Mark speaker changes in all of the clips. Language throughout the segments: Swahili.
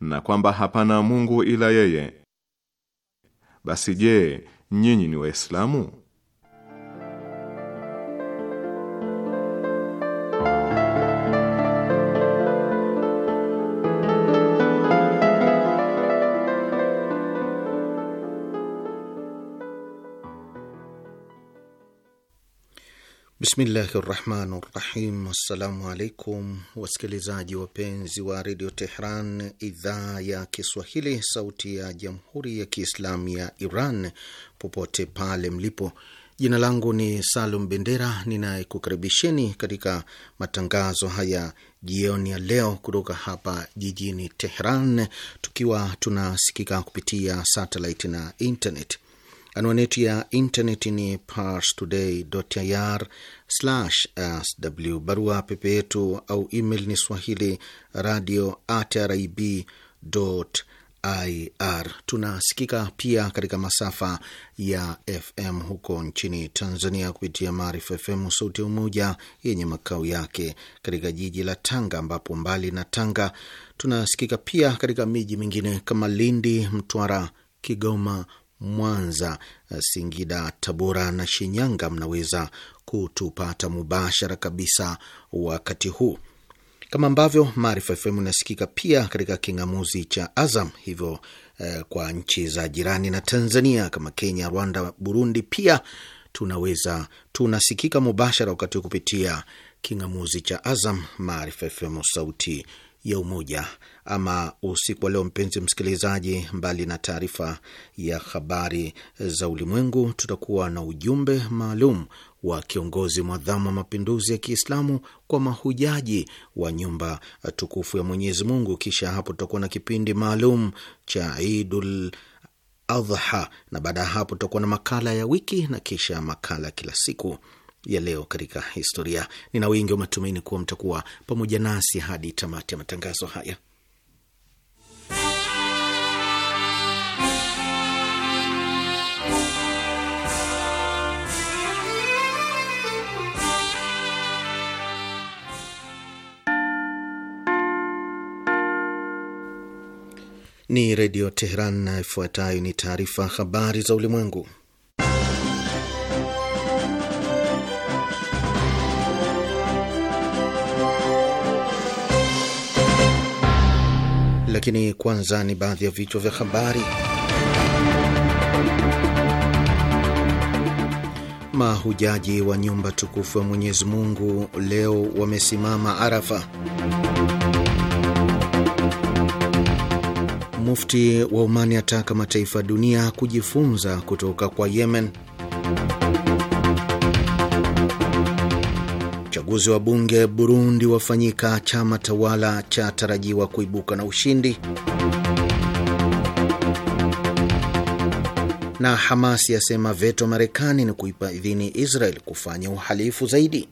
Speaker 1: na kwamba hapana Mungu ila yeye. Basi je, nyinyi ni Waislamu?
Speaker 2: Bismillahi rahmani rahim. Assalamu alaikum wasikilizaji wapenzi wa redio Tehran, idhaa ya Kiswahili, sauti ya jamhuri ya kiislamu ya Iran, popote pale mlipo. Jina langu ni Salum Bendera ninayekukaribisheni katika matangazo haya jioni ya leo kutoka hapa jijini Tehran, tukiwa tunasikika kupitia satelit na internet. Anwani ya intaneti ni parstoday.ir/sw. Barua pepe yetu au email ni swahili radio at rib ir. Tunasikika pia katika masafa ya FM huko nchini Tanzania kupitia Maarifa FM Sauti ya Umoja yenye makao yake katika jiji la Tanga, ambapo mbali na Tanga tunasikika pia katika miji mingine kama Lindi, Mtwara, Kigoma, Mwanza, eh, Singida, Tabora na Shinyanga mnaweza kutupata mubashara kabisa wakati huu, kama ambavyo Maarifa FM inasikika pia katika kingamuzi cha Azam, hivyo eh, kwa nchi za jirani na Tanzania kama Kenya, Rwanda, Burundi pia tunaweza tunasikika mubashara wakati huu kupitia kingamuzi cha Azam, Maarifa FM sauti ya umoja. Ama usiku wa leo, mpenzi msikilizaji, mbali na taarifa ya habari za ulimwengu, tutakuwa na ujumbe maalum wa kiongozi mwadhamu wa mapinduzi ya Kiislamu kwa mahujaji wa nyumba tukufu ya Mwenyezi Mungu. Kisha hapo tutakuwa na kipindi maalum cha Idul Adha, na baada ya hapo tutakuwa na makala ya wiki na kisha makala kila siku ya leo katika historia. Nina wingi wa matumaini kuwa mtakuwa pamoja nasi hadi tamati ya matangazo haya. Ni Redio Teheran na ifuatayo ni taarifa habari za ulimwengu. lakini kwanza ni baadhi ya vichwa vya habari. Mahujaji wa nyumba tukufu ya Mwenyezi Mungu leo wamesimama Arafa. Mufti wa umani ataka mataifa dunia kujifunza kutoka kwa Yemen. Uchaguzi wa bunge Burundi wafanyika, chama tawala cha tarajiwa kuibuka na ushindi. Na Hamas yasema veto Marekani ni kuipa idhini Israel kufanya uhalifu zaidi.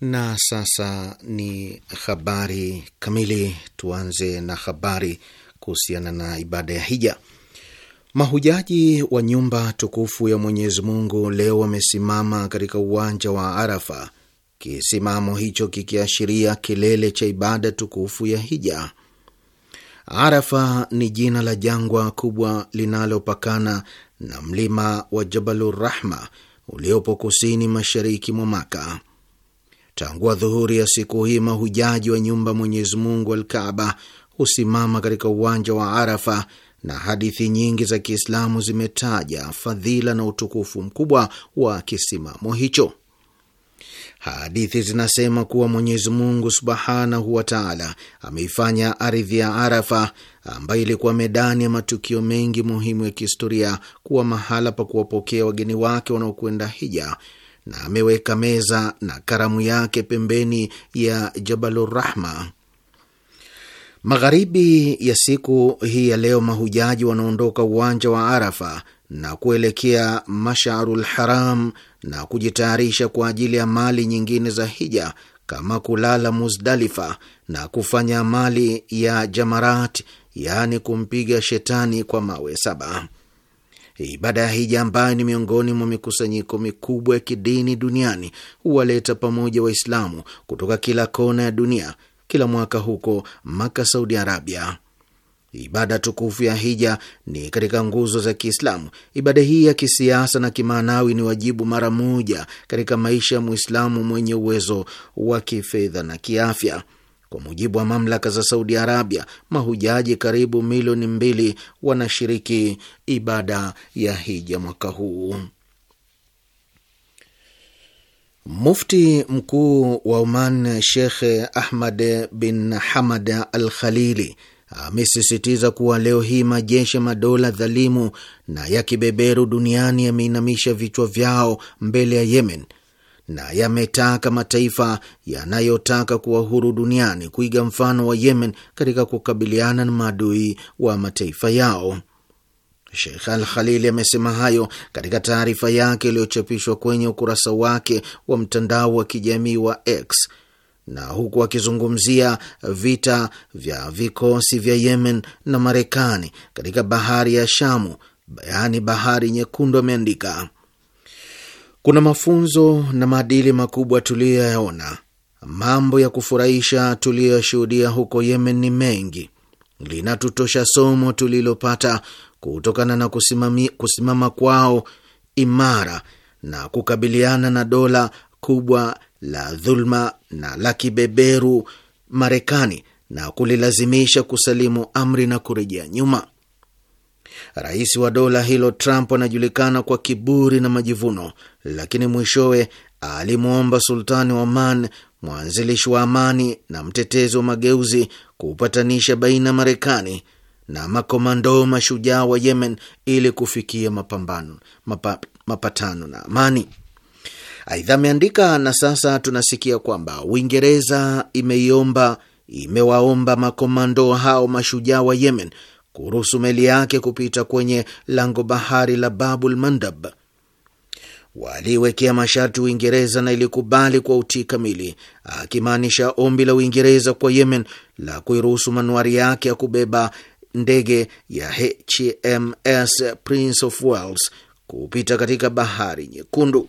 Speaker 2: Na sasa ni habari kamili. Tuanze na habari kuhusiana na ibada ya hija. Mahujaji wa nyumba tukufu ya Mwenyezi Mungu leo wamesimama katika uwanja wa Arafa, kisimamo hicho kikiashiria kilele cha ibada tukufu ya hija. Arafa ni jina la jangwa kubwa linalopakana na mlima wa Jabalurrahma uliopo kusini mashariki mwa Maka. Tangua dhuhuri ya siku hii, mahujaji wa nyumba Mwenyezi Mungu husimama katika uwanja wa Arafa na hadithi nyingi za Kiislamu zimetaja fadhila na utukufu mkubwa wa kisimamo hicho. Hadithi zinasema kuwa Mwenyezi Mungu subhanahu wa taala ameifanya ardhi ya Arafa, ambayo ilikuwa medani ya matukio mengi muhimu ya kihistoria, kuwa mahala pa kuwapokea wageni wake wanaokwenda hija, na ameweka meza na karamu yake pembeni ya Jabalurrahma. Magharibi ya siku hii ya leo, mahujaji wanaondoka uwanja wa Arafa na kuelekea Masharul Haram na kujitayarisha kwa ajili ya mali nyingine za hija kama kulala Muzdalifa na kufanya mali ya jamarat, yaani kumpiga shetani kwa mawe saba. Ibada ya hija ambayo ni miongoni mwa mikusanyiko mikubwa ya kidini duniani huwaleta pamoja Waislamu kutoka kila kona ya dunia kila mwaka huko Maka, Saudi Arabia. Ibada tukufu ya hija ni katika nguzo za Kiislamu. Ibada hii ya kisiasa na kimaanawi ni wajibu mara moja katika maisha ya Mwislamu mwenye uwezo wa kifedha na kiafya. Kwa mujibu wa mamlaka za Saudi Arabia, mahujaji karibu milioni mbili wanashiriki ibada ya hija mwaka huu. Mufti mkuu wa Oman shekh Ahmad bin Hamad Al Khalili amesisitiza kuwa leo hii majeshi ya madola dhalimu na ya kibeberu duniani yameinamisha vichwa vyao mbele ya Yemen na yametaka mataifa yanayotaka kuwa huru duniani kuiga mfano wa Yemen katika kukabiliana na maadui wa mataifa yao. Sheikh Al Khalili amesema hayo katika taarifa yake iliyochapishwa kwenye ukurasa wake wa mtandao wa kijamii wa X na huku akizungumzia vita vya vikosi vya Yemen na Marekani katika bahari ya Shamu, yaani bahari nyekundu, ameandika kuna mafunzo na maadili makubwa tuliyoyaona. Mambo ya kufurahisha tuliyoyashuhudia huko Yemen ni mengi. Linatutosha somo tulilopata kutokana na kusimami, kusimama kwao imara na kukabiliana na dola kubwa la dhulma na la kibeberu Marekani na kulilazimisha kusalimu amri na kurejea nyuma. Rais wa dola hilo Trump anajulikana kwa kiburi na majivuno, lakini mwishowe alimwomba sultani wa Oman, mwanzilishi wa amani na mtetezi wa mageuzi, kupatanisha baina Marekani na makomando mashujaa wa Yemen ili kufikia mapambano, mapa, mapatano na amani. Aidha ameandika na sasa tunasikia kwamba Uingereza imeiomba imewaomba makomando hao mashujaa wa Yemen kuruhusu meli yake kupita kwenye lango bahari la Babul Mandab. Waliwekea masharti Uingereza na ilikubali kwa utii kamili, akimaanisha ombi la Uingereza kwa Yemen la kuiruhusu manuari yake ya kubeba ndege ya HMS Prince of Wales kupita katika bahari Nyekundu.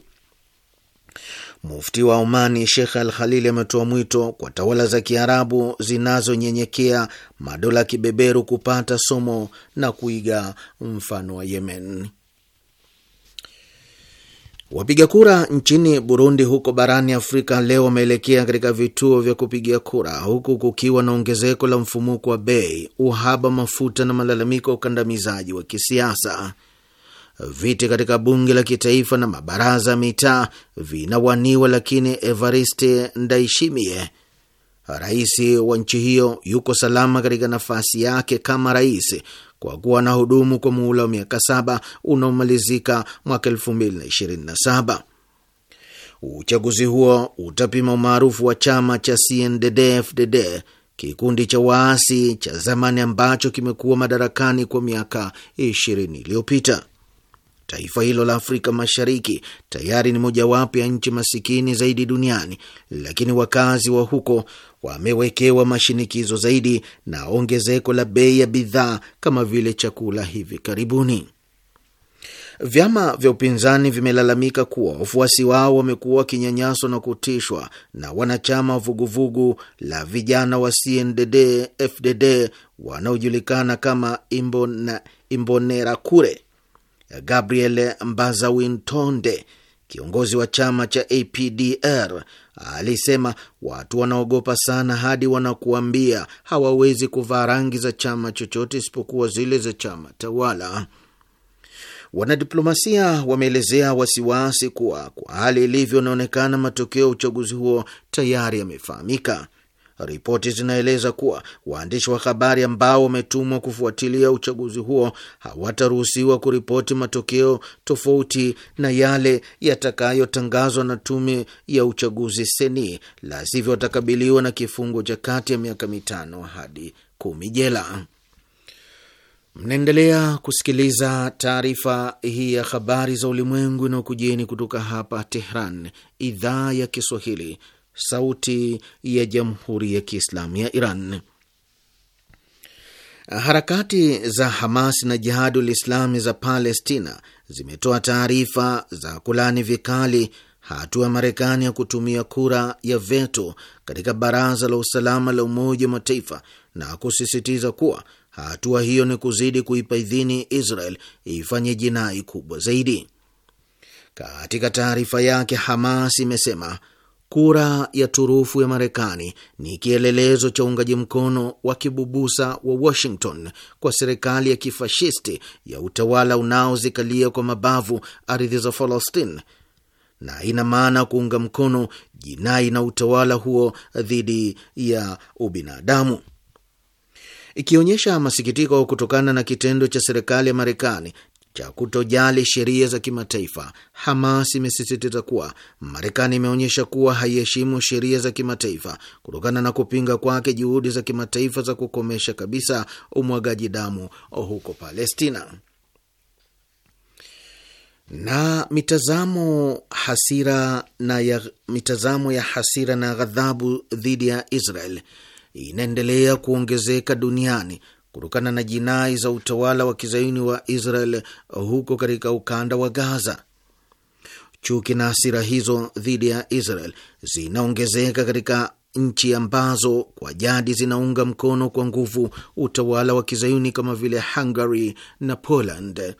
Speaker 2: Mufti wa Omani Shekh Al Khalili ametoa mwito kwa tawala za Kiarabu zinazonyenyekea madola kibeberu kupata somo na kuiga mfano wa Yemen. Wapiga kura nchini Burundi huko barani Afrika leo wameelekea katika vituo vya kupigia kura huku kukiwa na ongezeko la mfumuko wa bei, uhaba mafuta na malalamiko ya ukandamizaji wa kisiasa. Viti katika bunge la kitaifa na mabaraza ya mitaa vinawaniwa, lakini Evariste Ndaishimie rais wa nchi hiyo yuko salama katika nafasi yake kama rais kwa kuwa na hudumu kwa muhula wa miaka saba unaomalizika mwaka saba. Uchaguzi huo utapima umaarufu wa chama cha CNDD-FDD, kikundi cha waasi cha zamani ambacho kimekuwa madarakani kwa miaka 20 iliyopita. Taifa hilo la Afrika Mashariki tayari ni mojawapo ya nchi masikini zaidi duniani, lakini wakazi wa huko wamewekewa mashinikizo zaidi na ongezeko la bei ya bidhaa kama vile chakula hivi karibuni. Vyama vya upinzani vimelalamika kuwa wafuasi wao wamekuwa wakinyanyaswa na kutishwa na wanachama wa vuguvugu la vijana wa CNDD FDD wanaojulikana kama Imbona, Imbonerakure. Gabriel Mbazawintonde, kiongozi wa chama cha APDR, alisema watu wanaogopa sana hadi wanakuambia hawawezi kuvaa rangi za chama chochote isipokuwa zile za chama tawala. Wanadiplomasia wameelezea wasiwasi kuwa kwa hali ilivyo, inaonekana matokeo ya uchaguzi huo tayari yamefahamika. Ripoti zinaeleza kuwa waandishi wa habari ambao wametumwa kufuatilia uchaguzi huo hawataruhusiwa kuripoti matokeo tofauti na yale yatakayotangazwa na tume ya uchaguzi seni, la sivyo watakabiliwa na kifungo cha kati ya miaka mitano hadi kumi jela. Mnaendelea kusikiliza taarifa hii ya habari za ulimwengu inayokujieni kutoka hapa Tehran, idhaa ya Kiswahili, Sauti ya Jamhuri ya Kiislamu ya Iran. Harakati za Hamas na Jihadul Islami za Palestina zimetoa taarifa za kulani vikali hatua ya Marekani ya kutumia kura ya veto katika Baraza la Usalama la Umoja wa Mataifa na kusisitiza kuwa hatua hiyo ni kuzidi kuipa idhini Israel ifanye jinai kubwa zaidi. Katika taarifa yake, Hamas imesema Kura ya turufu ya Marekani ni kielelezo cha uungaji mkono wa kibubusa wa Washington kwa serikali ya kifashisti ya utawala unaozikalia kwa mabavu ardhi za Falastin, na ina maana kuunga mkono jinai na utawala huo dhidi ya ubinadamu, ikionyesha masikitiko kutokana na kitendo cha serikali ya Marekani cha kutojali sheria za kimataifa, Hamas imesisitiza kuwa Marekani imeonyesha kuwa haiheshimu sheria za kimataifa kutokana na kupinga kwake juhudi za kimataifa za kukomesha kabisa umwagaji damu huko Palestina. Na mitazamo hasira na ya, mitazamo ya hasira na ghadhabu dhidi ya Israel inaendelea kuongezeka duniani kutokana na jinai za utawala wa kizaini wa Israel huko katika ukanda wa Gaza. Chuki na hasira hizo dhidi ya Israel zinaongezeka katika nchi ambazo kwa jadi zinaunga mkono kwa nguvu utawala wa kizayuni kama vile Hungary na Poland.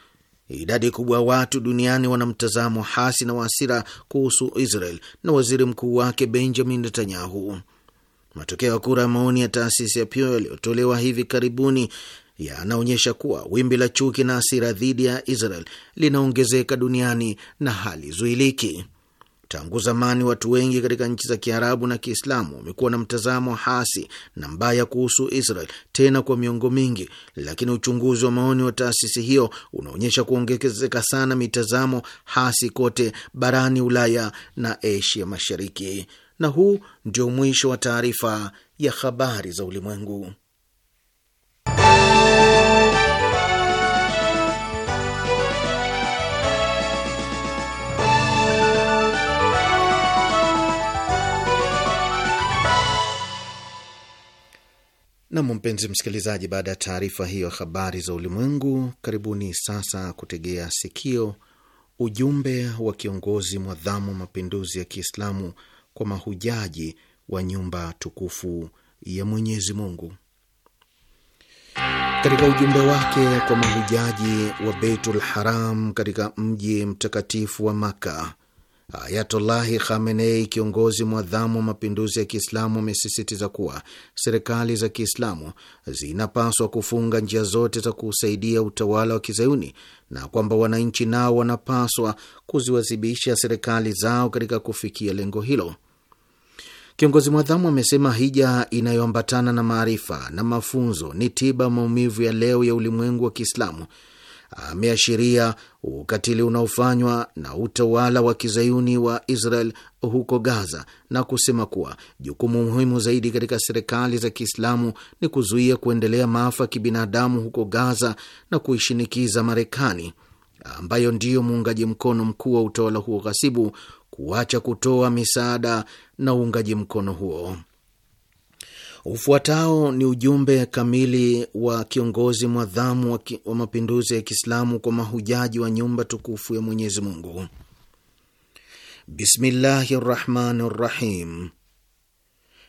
Speaker 2: Idadi kubwa ya watu duniani wana mtazamo hasi na waasira kuhusu Israel na waziri mkuu wake Benjamin Netanyahu. Matokeo ya kura ya maoni ya taasisi ya Pew yaliyotolewa hivi karibuni yanaonyesha kuwa wimbi la chuki na hasira dhidi ya Israel linaongezeka duniani na hali zuiliki Tangu zamani watu wengi katika nchi za Kiarabu na Kiislamu wamekuwa na mtazamo hasi na mbaya kuhusu Israel tena kwa miongo mingi, lakini uchunguzi wa maoni wa taasisi hiyo unaonyesha kuongezeka sana mitazamo hasi kote barani Ulaya na Asia Mashariki na huu ndio mwisho wa taarifa ya habari za ulimwengu. Nam, mpenzi msikilizaji, baada ya taarifa hiyo habari za ulimwengu, karibuni sasa kutegea sikio ujumbe wa kiongozi mwadhamu mapinduzi ya Kiislamu kwa mahujaji wa nyumba tukufu ya Mwenyezi Mungu. Katika ujumbe wake kwa mahujaji wa Beitul Haram katika mji mtakatifu wa Makka, Ayatullahi Khamenei, kiongozi mwadhamu wa mapinduzi ya Kiislamu, amesisitiza kuwa serikali za Kiislamu zinapaswa kufunga njia zote za kuusaidia utawala wa kizayuni na kwamba wananchi nao wanapaswa kuziwazibisha serikali zao katika kufikia lengo hilo. Kiongozi mwadhamu amesema hija inayoambatana na maarifa na mafunzo ni tiba maumivu ya leo ya ulimwengu wa Kiislamu. Ameashiria ukatili unaofanywa na utawala wa kizayuni wa Israel huko Gaza na kusema kuwa jukumu muhimu zaidi katika serikali za Kiislamu ni kuzuia kuendelea maafa ya kibinadamu huko Gaza na kuishinikiza Marekani ambayo ndiyo muungaji mkono mkuu wa utawala huo ghasibu kuacha kutoa misaada na uungaji mkono huo. Ufuatao ni ujumbe kamili wa kiongozi mwadhamu wa, ki, wa mapinduzi ya Kiislamu kwa mahujaji wa nyumba tukufu ya Mwenyezi Mungu. Bismillahi rahmani rahim.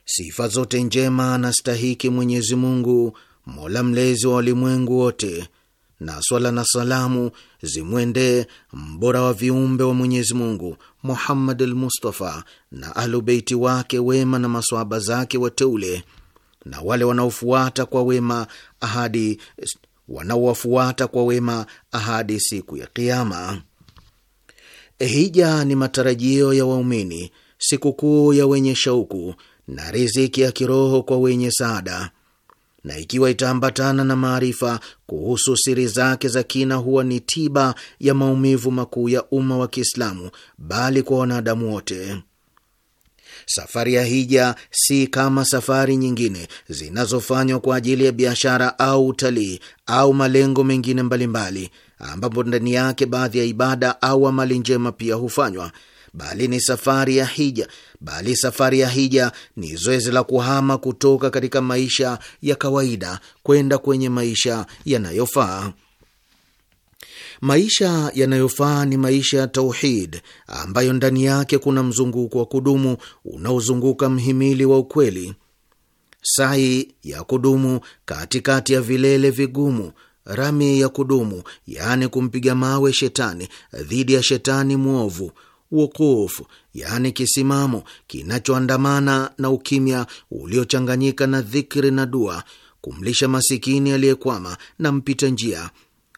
Speaker 2: Sifa zote njema anastahiki Mwenyezi Mungu, mola mlezi wa walimwengu wote na swala na salamu zimwendee mbora wa viumbe wa Mwenyezi Mungu Muhammad al Mustafa na alubeiti wake wema na maswaba zake wateule na wale wanaofuata kwa wema ahadi wanaowafuata kwa wema ahadi siku ya Kiama. Hija ni matarajio ya waumini, sikukuu ya wenye shauku na riziki ya kiroho kwa wenye saada na ikiwa itaambatana na maarifa kuhusu siri zake za kina, huwa ni tiba ya maumivu makuu ya umma wa Kiislamu, bali kwa wanadamu wote. Safari ya hija si kama safari nyingine zinazofanywa kwa ajili ya biashara au utalii au malengo mengine mbalimbali, ambapo ndani yake baadhi ya ibada au amali njema pia hufanywa bali ni safari ya hija, bali safari ya hija ni zoezi la kuhama kutoka katika maisha ya kawaida kwenda kwenye maisha yanayofaa. Maisha yanayofaa ni maisha ya tauhid ambayo ndani yake kuna mzunguko wa kudumu unaozunguka mhimili wa ukweli, sai ya kudumu katikati ya vilele vigumu, rami ya kudumu, yaani kumpiga mawe shetani dhidi ya shetani mwovu wukufu, yaani kisimamo kinachoandamana na ukimya uliochanganyika na dhikri na dua, kumlisha masikini aliyekwama na mpita njia,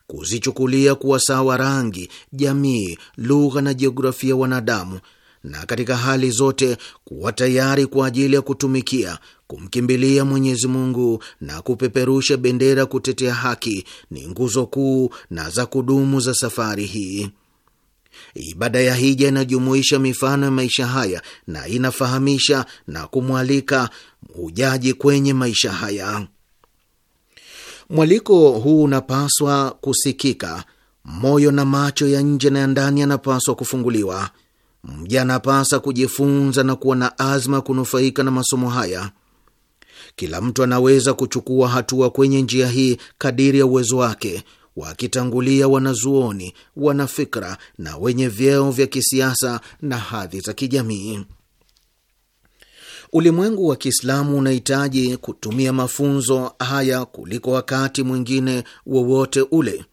Speaker 2: kuzichukulia kuwa sawa rangi, jamii, lugha na jiografia wanadamu na katika hali zote kuwa tayari kwa ajili ya kutumikia, kumkimbilia Mwenyezi Mungu na kupeperusha bendera kutetea haki ni nguzo kuu na za kudumu za safari hii. Ibada ya hija inajumuisha mifano ya maisha haya na inafahamisha na kumwalika mhujaji kwenye maisha haya. Mwaliko huu unapaswa kusikika. Moyo na macho ya nje na ya ndani yanapaswa kufunguliwa. Mja anapasa kujifunza na kuwa na azma ya kunufaika na masomo haya. Kila mtu anaweza kuchukua hatua kwenye njia hii kadiri ya uwezo wake, wakitangulia wanazuoni, wanafikra na wenye vyeo vya kisiasa na hadhi za kijamii. Ulimwengu wa Kiislamu unahitaji kutumia mafunzo haya kuliko wakati mwingine wowote ule.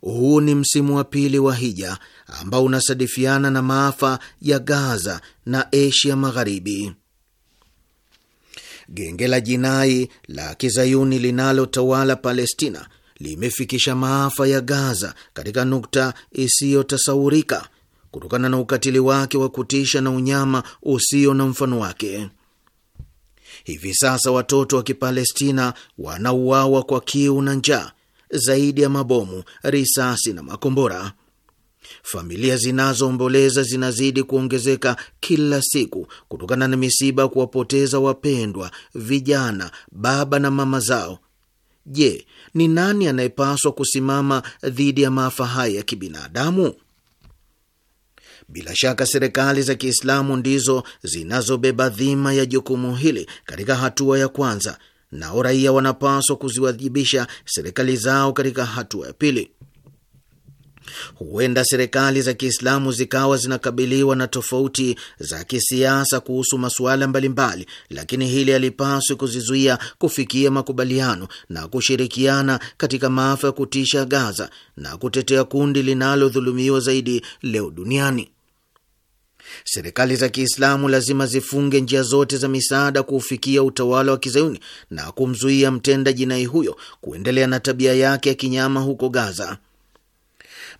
Speaker 2: Huu ni msimu wa pili wa hija ambao unasadifiana na maafa ya Gaza na Asia Magharibi. Genge la jinai la kizayuni linalotawala Palestina limefikisha maafa ya Gaza katika nukta isiyotasaurika kutokana na ukatili wake wa kutisha na unyama usio na mfano wake. Hivi sasa watoto wa Kipalestina wanauawa kwa kiu na njaa zaidi ya mabomu, risasi na makombora. Familia zinazoomboleza zinazidi kuongezeka kila siku kutokana na misiba kuwapoteza wapendwa, vijana, baba na mama zao. Je, ni nani anayepaswa kusimama dhidi ya maafa haya ya kibinadamu? Bila shaka serikali za Kiislamu ndizo zinazobeba dhima ya jukumu hili katika hatua ya kwanza, nao raia wanapaswa kuziwajibisha serikali zao katika hatua ya pili huenda serikali za Kiislamu zikawa zinakabiliwa na tofauti za kisiasa kuhusu masuala mbalimbali, lakini hili alipaswi kuzizuia kufikia makubaliano na kushirikiana katika maafa ya kutisha Gaza na kutetea kundi linalodhulumiwa zaidi leo duniani. Serikali za Kiislamu lazima zifunge njia zote za misaada kuufikia utawala wa kizayuni na kumzuia mtenda jinai huyo kuendelea na tabia yake ya kinyama huko Gaza.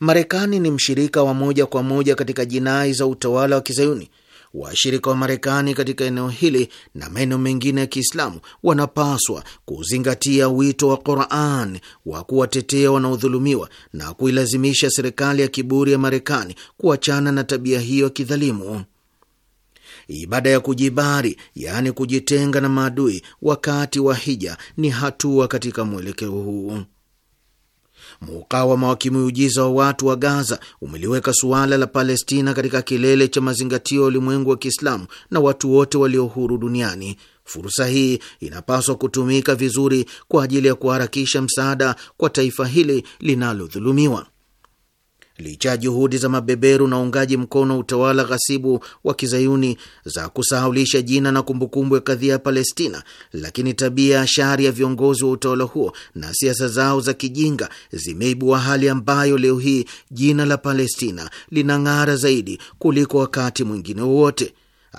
Speaker 2: Marekani ni mshirika wa moja kwa moja katika jinai za utawala wa Kizayuni. Washirika wa Marekani katika eneo hili na maeneo mengine ya Kiislamu wanapaswa kuzingatia wito wa Quran wa kuwatetea wanaodhulumiwa na kuilazimisha serikali ya kiburi ya Marekani kuachana na tabia hiyo ya kidhalimu. Ibada ya kujibari, yaani kujitenga na maadui, wakati wa hija ni hatua katika mwelekeo huu. Mukawama wa kimuujiza wa watu wa Gaza umeliweka suala la Palestina katika kilele cha mazingatio ya ulimwengu wa Kiislamu na watu wote walio huru duniani. Fursa hii inapaswa kutumika vizuri kwa ajili ya kuharakisha msaada kwa taifa hili linalodhulumiwa licha ya juhudi za mabeberu na uungaji mkono utawala ghasibu wa kizayuni za kusahaulisha jina na kumbukumbu ya kadhia ya Palestina, lakini tabia ya shari ya viongozi wa utawala huo na siasa zao za kijinga zimeibua hali ambayo leo hii jina la Palestina linang'ara zaidi kuliko wakati mwingine wowote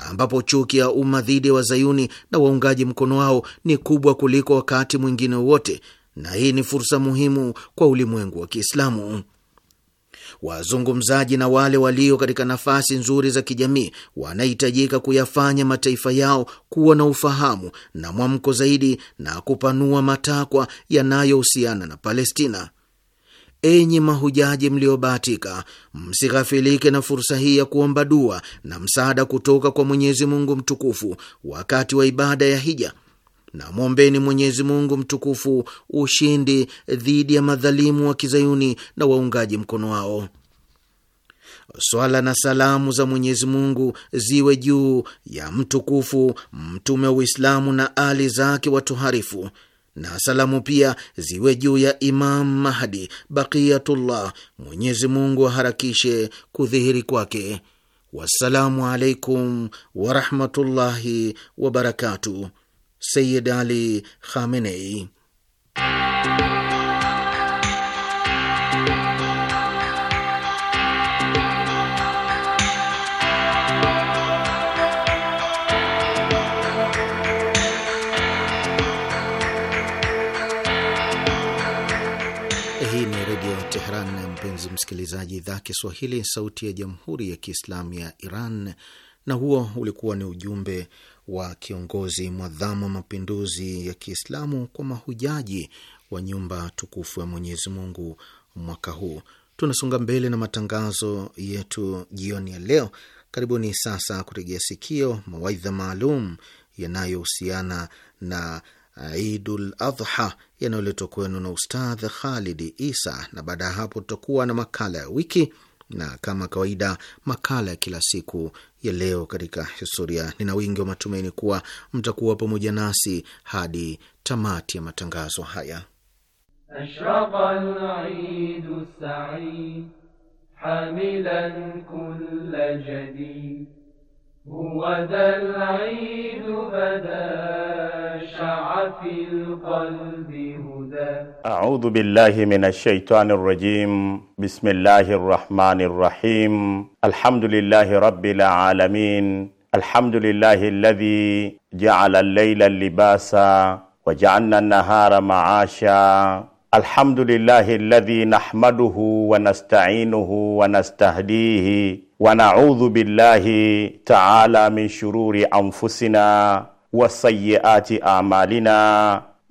Speaker 2: ambapo chuki ya umma dhidi ya wazayuni na waungaji mkono wao ni kubwa kuliko wakati mwingine wowote, na hii ni fursa muhimu kwa ulimwengu wa Kiislamu. Wazungumzaji na wale walio katika nafasi nzuri za kijamii wanahitajika kuyafanya mataifa yao kuwa na ufahamu na mwamko zaidi na kupanua matakwa yanayohusiana na Palestina. Enyi mahujaji mliobahatika, msighafilike na fursa hii ya kuomba dua na msaada kutoka kwa Mwenyezi Mungu mtukufu wakati wa ibada ya hija na mwombeni Mwenyezi Mungu mtukufu ushindi dhidi ya madhalimu wa kizayuni na waungaji mkono wao. Swala na salamu za Mwenyezi Mungu ziwe juu ya mtukufu mtume wa Uislamu na ali zake watuharifu na salamu pia ziwe juu ya Imam Mahdi Baqiyatullah, Mwenyezi Mungu aharakishe kudhihiri kwake. Wassalamu alaikum warahmatullahi wabarakatuh. Sayyid Ali Khamenei. Mpenzi msikilizaji, idhaa Kiswahili sauti ya jamhuri ya Kiislamu ya Iran. Na huo ulikuwa ni ujumbe wa kiongozi mwadhamu wa mapinduzi ya Kiislamu kwa mahujaji wa nyumba tukufu ya Mwenyezi Mungu mwaka huu. Tunasonga mbele na matangazo yetu jioni ya leo. Karibuni sasa kutegea sikio mawaidha maalum yanayohusiana na Idul Adha yanayoletwa kwenu na Ustadh Khalidi Isa, na baada ya hapo tutakuwa na makala ya wiki na kama kawaida makala ya kila siku ya leo katika historia. Nina wingi wa matumaini kuwa mtakuwa pamoja nasi hadi tamati ya matangazo haya.
Speaker 3: وفي القلب هدى
Speaker 4: أعوذ بالله من الشيطان الرجيم بسم الله الرحمن الرحيم الحمد لله رب العالمين الحمد لله الذي جعل الليل لباسا وجعلنا النهار معاشا الحمد لله الذي نحمده ونستعينه ونستهديه ونعوذ بالله تعالى من شرور أنفسنا وسيئات أعمالنا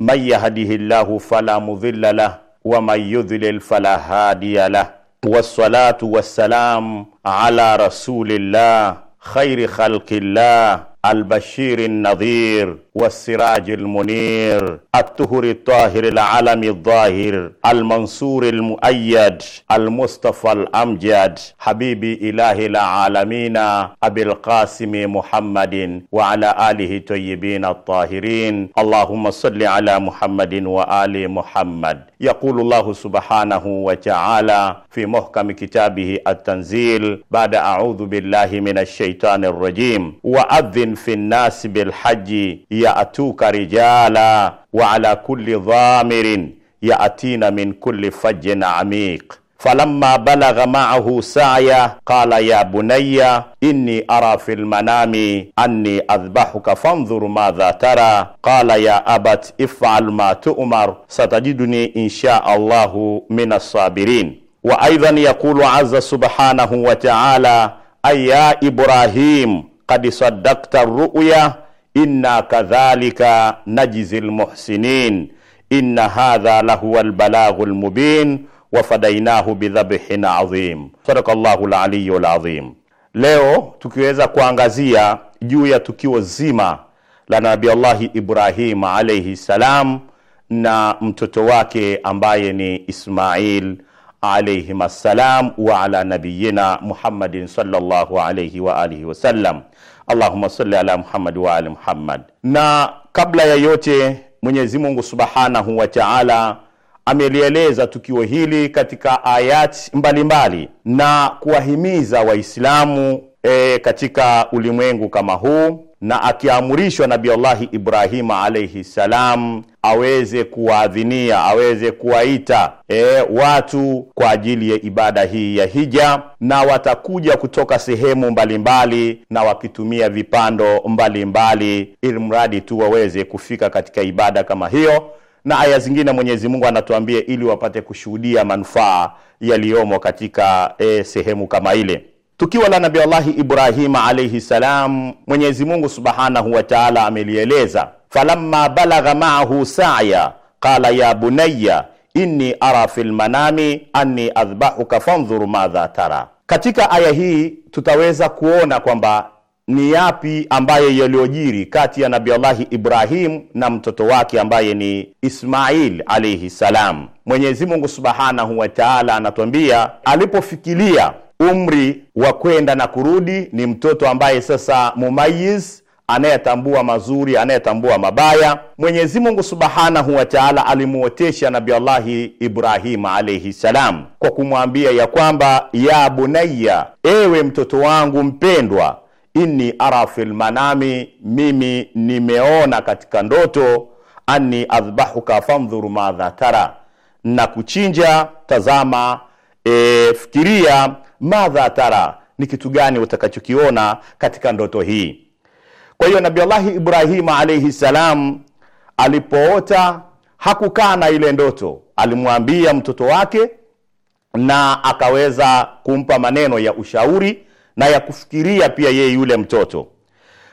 Speaker 4: من يهده الله فلا مضل له ومن يضلل فلا هادي له والصلاة والسلام على رسول الله خير خلق الله البشير النظير والسراج المنير الطهر الطاهر العلم الظاهر المنصور المؤيد المصطفى الأمجد حبيب إله العالمين أبي القاسم محمد وعلى آله الطيبين الطاهرين اللهم صل على محمد وآل محمد يقول الله سبحانه وتعالى في محكم كتابه التنزيل بعد أعوذ بالله من الشيطان الرجيم وأذن في الناس بالحج يأتوك رجالا وعلى كل ضامر يأتين من كل فج عميق فلما بلغ معه سعيا قال يا بني إني أرى في المنام أني أذبحك فانظر ماذا ترى قال يا أبت افعل ما تؤمر ستجدني إن شاء الله من الصابرين وأيضا يقول عز سبحانه وتعالى أي يا إبراهيم قد صدقت الرؤيا inna kadhalika najzi lmuhsinin inna hadha lahuwa lbalaghu lmubin wafadainahu bidhabhin adhim. Sadaka llahu laliyu ladhim. Leo tukiweza kuangazia juu ya tukio zima la Nabi Allahi Ibrahim alaihi salam na mtoto wake ambaye ni Ismail alaihim assalam wa ala nabiyina Muhammadin sallallahu alaihi wa alihi wasallam. Allahumma salli ala Muhammad wa ali Muhammad. Na kabla ya yote, Mwenyezi Mungu Subhanahu wa Ta'ala amelieleza tukio hili katika ayati mbalimbali na kuwahimiza Waislamu e, katika ulimwengu kama huu, na akiamrishwa Nabii Allahi Ibrahima alayhi salam aweze kuwaadhinia, aweze kuwaita e, watu kwa ajili ya ibada hii ya hija, na watakuja kutoka sehemu mbalimbali mbali, na wakitumia vipando mbalimbali, ili mradi tu waweze kufika katika ibada kama hiyo na aya zingine Mwenyezi Mungu anatuambia ili wapate kushuhudia manufaa yaliyomo katika e, sehemu kama ile. Tukiwa na Nabii Allahi Ibrahima alaihi salam, Mwenyezi Mungu subhanahu wa taala amelieleza falamma balagha ma'ahu sa'ya qala ya bunayya inni ara fi lmanami anni adhbahuka fandhuru madha tara. Katika aya hii tutaweza kuona kwamba ni yapi ambayo yaliyojiri kati ya nabi Allahi Ibrahim na mtoto wake ambaye ni Ismail alaihi salam. Mwenyezi Mungu subhanahu wa taala anatuambia umri wa kwenda na kurudi, ni mtoto ambaye sasa mumayiz anayetambua mazuri, anayetambua mabaya. Mwenyezi Mungu subhanahu wa taala alimuotesha Nabi Allahi Ibrahima alaihi salam kwa kumwambia ya kwamba, ya bunayya, ewe mtoto wangu mpendwa, inni ara fil manami, mimi nimeona katika ndoto, anni adhbahuka fandhuru madha tara, na kuchinja, tazama e, fikiria, madha tara, ni kitu gani utakachokiona katika ndoto hii. Kwa hiyo nabi Allah Ibrahima alaihi salam alipoota hakukaa na ile ndoto, alimwambia mtoto wake na akaweza kumpa maneno ya ushauri na ya kufikiria pia yeye yule mtoto.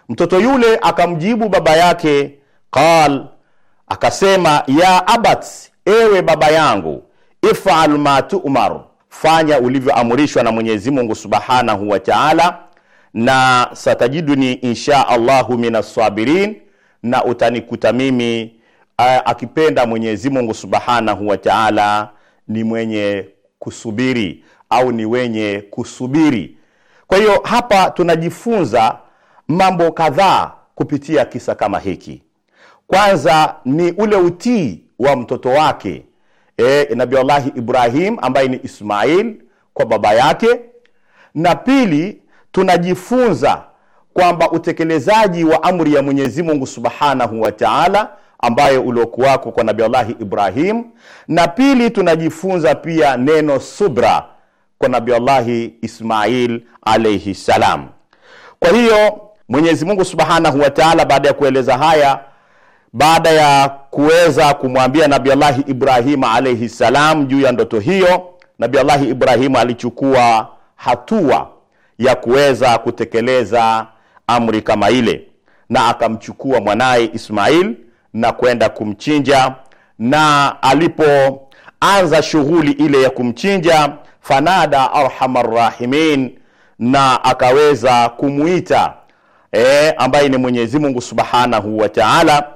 Speaker 4: Mtoto yule akamjibu baba yake qal, akasema ya abat, ewe baba yangu, ifal ma tu'mar, fanya ulivyoamrishwa na Mwenyezi Mungu Subhanahu wa Ta'ala na satajiduni insha allahu minassabirin, na utanikuta mimi akipenda Mwenyezi Mungu subhanahu wa taala ni mwenye kusubiri au ni wenye kusubiri. Kwa hiyo hapa tunajifunza mambo kadhaa kupitia kisa kama hiki. Kwanza ni ule utii wa mtoto wake e, Nabii Ibrahim ambaye ni Ismail kwa baba yake, na pili tunajifunza kwamba utekelezaji wa amri ya Mwenyezi Mungu Subhanahu wa Ta'ala ambayo uliokuwako kwa Nabii Allahi Ibrahim, na pili tunajifunza pia neno subra kwa Nabii Allahi Ismail alayhi salam. Kwa hiyo Mwenyezi Mungu Subhanahu wa Ta'ala baada ya kueleza haya, baada ya kuweza kumwambia Nabi Allahi Ibrahim alayhi salam juu ya ndoto hiyo, Nabi Allahi Ibrahim alichukua hatua ya kuweza kutekeleza amri kama ile na akamchukua mwanaye Ismail na kwenda kumchinja na alipoanza shughuli ile ya kumchinja fanada arhamar rahimin na akaweza kumuita e, ambaye ni Mwenyezi Mungu Subhanahu wa Ta'ala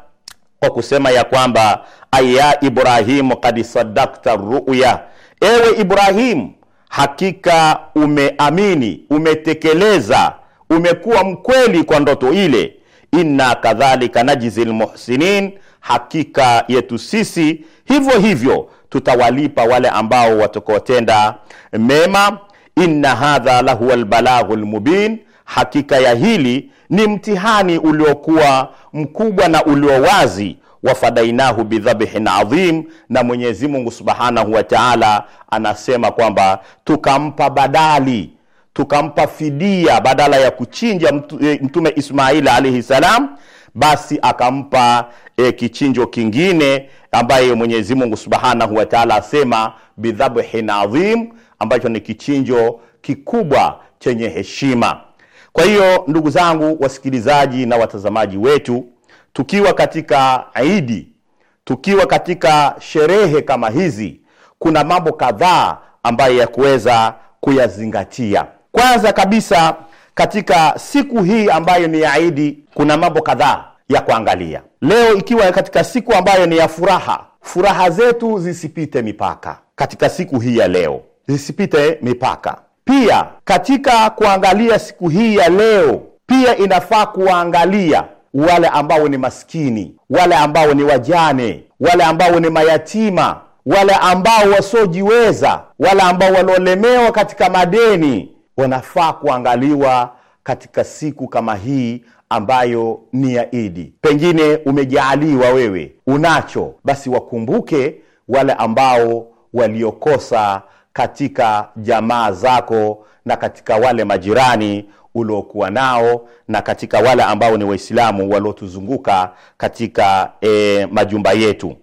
Speaker 4: kwa kusema ya kwamba aya Ibrahim kad sadakta ruya ewe Ibrahim hakika umeamini, umetekeleza, umekuwa mkweli kwa ndoto ile. Inna kadhalika najizi lmuhsinin hakika yetu sisi hivyo hivyo tutawalipa wale ambao watakaotenda mema. Inna hadha lahuwa lbalaghu lmubin, hakika ya hili ni mtihani uliokuwa mkubwa na uliowazi wafadainahu bidhabihin adhim, na Mwenyezi Mungu subhanahu wa taala anasema kwamba tukampa badali, tukampa fidia badala ya kuchinja e, Mtume Ismaila alaihi salam, basi akampa e, kichinjo kingine ambaye Mwenyezi Mungu subhanahu wa taala asema bidhabihin adhim, ambacho ni kichinjo kikubwa chenye heshima. Kwa hiyo ndugu zangu wasikilizaji na watazamaji wetu tukiwa katika Idi, tukiwa katika sherehe kama hizi, kuna mambo kadhaa ambayo ya kuweza kuyazingatia. Kwanza kabisa, katika siku hii ambayo ni ya kuna mambo kadhaa ya kuangalia. Leo ikiwa katika siku ambayo ni ya furaha, furaha zetu zisipite mipaka katika siku hii ya leo, zisipite mipaka. Pia katika kuangalia siku hii ya leo, pia inafaa kuangalia wale ambao ni maskini, wale ambao ni wajane, wale ambao ni mayatima, wale ambao wasiojiweza, wale ambao waliolemewa katika madeni, wanafaa kuangaliwa katika siku kama hii ambayo ni ya Idi. Pengine umejaaliwa wewe, unacho basi, wakumbuke wale ambao waliokosa katika jamaa zako na katika wale majirani uliokuwa nao na katika wale ambao ni Waislamu waliotuzunguka katika e, majumba yetu.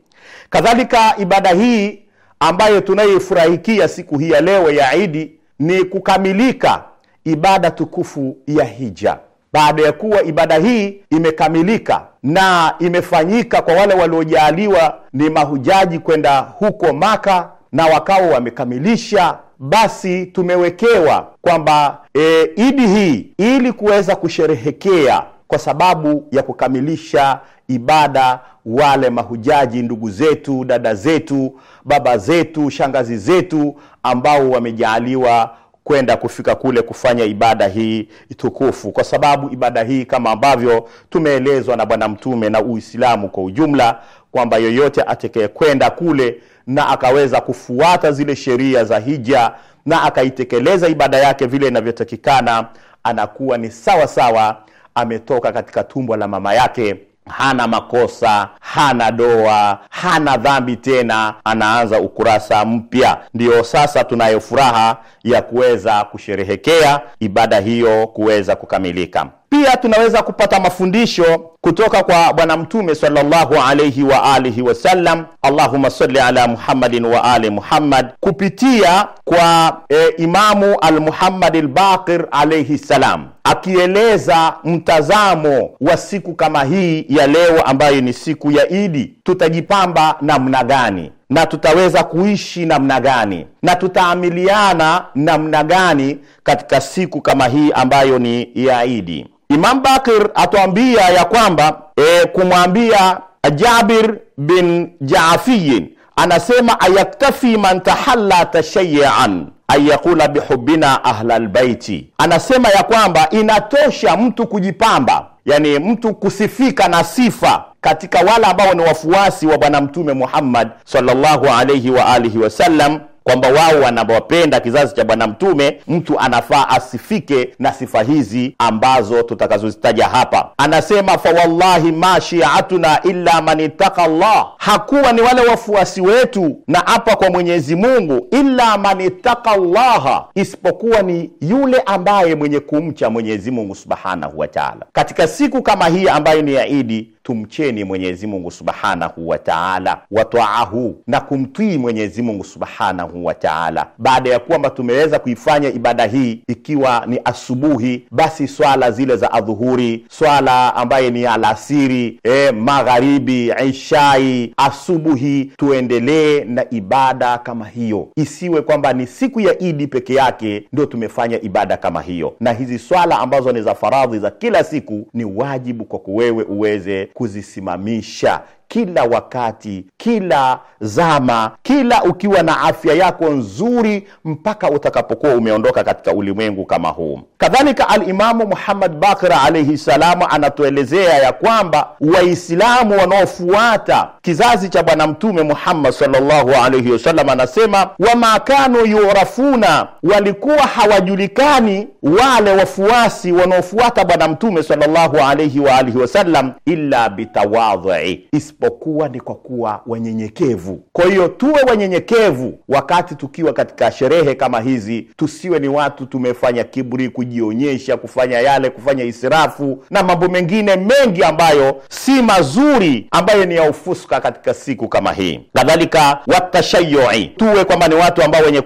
Speaker 4: Kadhalika, ibada hii ambayo tunayoifurahikia siku hii ya leo ya Idi ni kukamilika ibada tukufu ya hija. Baada ya kuwa ibada hii imekamilika na imefanyika kwa wale waliojaaliwa ni mahujaji kwenda huko Maka na wakawa wamekamilisha basi tumewekewa kwamba e, idi hii ili kuweza kusherehekea kwa sababu ya kukamilisha ibada wale mahujaji, ndugu zetu, dada zetu, baba zetu, shangazi zetu ambao wamejaaliwa kwenda kufika kule kufanya ibada hii tukufu, kwa sababu ibada hii kama ambavyo tumeelezwa na Bwana Mtume na Uislamu kwa ujumla kwamba yoyote atekeekwenda kule na akaweza kufuata zile sheria za hija na akaitekeleza ibada yake vile inavyotakikana, anakuwa ni sawa sawa ametoka katika tumbo la mama yake, hana makosa, hana doa, hana dhambi tena, anaanza ukurasa mpya. Ndiyo sasa tunayo furaha ya kuweza kusherehekea ibada hiyo kuweza kukamilika. Pia tunaweza kupata mafundisho kutoka kwa Bwana Mtume sallallahu alayhi wa alihi wasallam, allahumma salli ala Muhammadin wa ali Muhammad, kupitia kwa e, Imamu al-Muhammad al-Baqir alayhi salam, akieleza mtazamo wa siku kama hii ya leo ambayo ni siku ya Idi, tutajipamba namna gani? na tutaweza kuishi namna gani na tutaamiliana namna gani katika siku kama hii ambayo ni ya Idi. Imam Bakir atuambia ya kwamba e, kumwambia Jabir bin Jaafiyin anasema ayaktafi man tahalla tashayian anyaqula bihubina ahla lbaiti, anasema ya kwamba inatosha mtu kujipamba yani mtu kusifika na sifa katika wale ambao ni wafuasi wa Bwana Mtume Muhammad sallallahu alayhi wa alihi wasallam kwamba wao wanawapenda kizazi cha Bwana Mtume, mtu anafaa asifike na sifa hizi ambazo tutakazozitaja hapa. Anasema fawallahi ma shiatuna illa man ittaka Allah, hakuwa ni wale wafuasi wetu na hapa kwa Mwenyezi Mungu, illa man ittaka llaha, isipokuwa ni yule ambaye mwenye kumcha Mwenyezi Mungu subhanahu wa taala. Katika siku kama hii ambayo ni ya Idi tumcheni Mwenyezi Mungu subhanahu wa taala, wataahu na kumtii Mwenyezi Mungu subhanahu wa taala. Baada ya kwamba tumeweza kuifanya ibada hii ikiwa ni asubuhi, basi swala zile za adhuhuri, swala ambaye ni alasiri, e, magharibi, ishai, asubuhi, tuendelee na ibada kama hiyo, isiwe kwamba ni siku ya Idi peke yake ndio tumefanya ibada kama hiyo. Na hizi swala ambazo ni za faradhi za kila siku ni wajibu kwako wewe uweze kuzisimamisha kila wakati, kila zama, kila ukiwa na afya yako nzuri, mpaka utakapokuwa umeondoka katika ulimwengu kama huu. Kadhalika, Alimamu Muhammad Bakir alaihi salamu anatuelezea ya kwamba Waislamu wanaofuata kizazi cha Bwana Mtume Muhammad sallallahu alaihi wasallam anasema, wama kanu yurafuna, walikuwa hawajulikani wale wafuasi wanaofuata Bwana Mtume sallallahu alaihi wasallam illa bitawadhi isipokuwa ni kwa kuwa wenyenyekevu. Kwa hiyo tuwe wenyenyekevu wakati tukiwa katika sherehe kama hizi, tusiwe ni watu tumefanya kiburi, kujionyesha, kufanya yale, kufanya israfu na mambo mengine mengi ambayo si mazuri, ambayo ni ya ufuska katika siku kama hii. Kadhalika watashayui, tuwe kwamba ni watu ambao wenye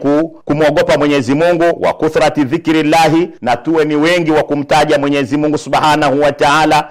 Speaker 4: kumwogopa Mwenyezi Mungu, wa kuthrati llahi na tuwe ni wengi wa kumtaja Mwenyezi Mungu subhanahu wa taala.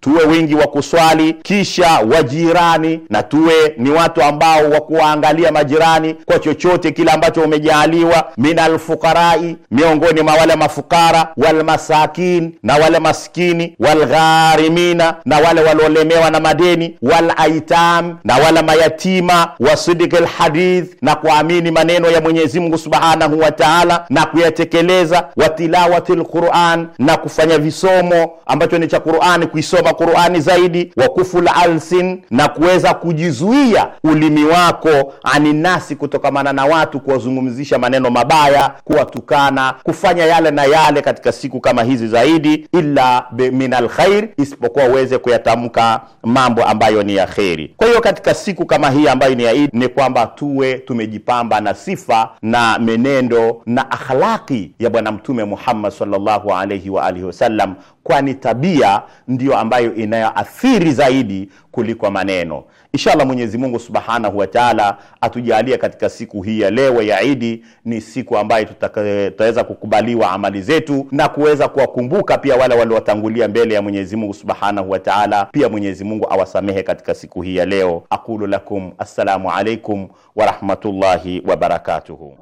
Speaker 4: tuwe wengi wa kuswali kisha kuwalinda wajirani, na tuwe ni watu ambao wa kuwaangalia majirani kwa chochote kile ambacho umejaaliwa. Min alfuqarai, miongoni mwa wale mafukara, walmasakin, na wale maskini, walgharimina, na wale waliolemewa na madeni, walaitam, na wale mayatima, wasidiki lhadith, na kuamini maneno ya Mwenyezi Mungu subhanahu wa taala na kuyatekeleza, watilawati lquran, na kufanya visomo ambacho ni cha Qurani, kuisoma Qurani zaidi, wakuful tansin na kuweza kujizuia ulimi wako aninasi kutokamana na watu kuwazungumzisha maneno mabaya, kuwatukana, kufanya yale na yale katika siku kama hizi zaidi, illa min alkhair, isipokuwa uweze kuyatamka mambo ambayo ni ya kheri. Kwa hiyo katika siku kama hii ambayo ni ya ni kwamba tuwe tumejipamba na sifa na menendo na akhlaki ya Bwana Mtume Muhammad sallallahu alaihi wa alihi wasallam kwani tabia ndiyo ambayo inayoathiri zaidi kuliko maneno. Inshallah, Mwenyezi Mungu subhanahu wa taala atujalie katika siku hii ya leo ya Idi ni siku ambayo tutaweza kukubaliwa amali zetu na kuweza kuwakumbuka pia wale waliotangulia mbele ya Mwenyezi Mungu subhanahu wa taala. Pia Mwenyezi Mungu awasamehe katika siku hii ya leo. Aqulu lakum assalamu alaikum warahmatullahi wabarakatuhu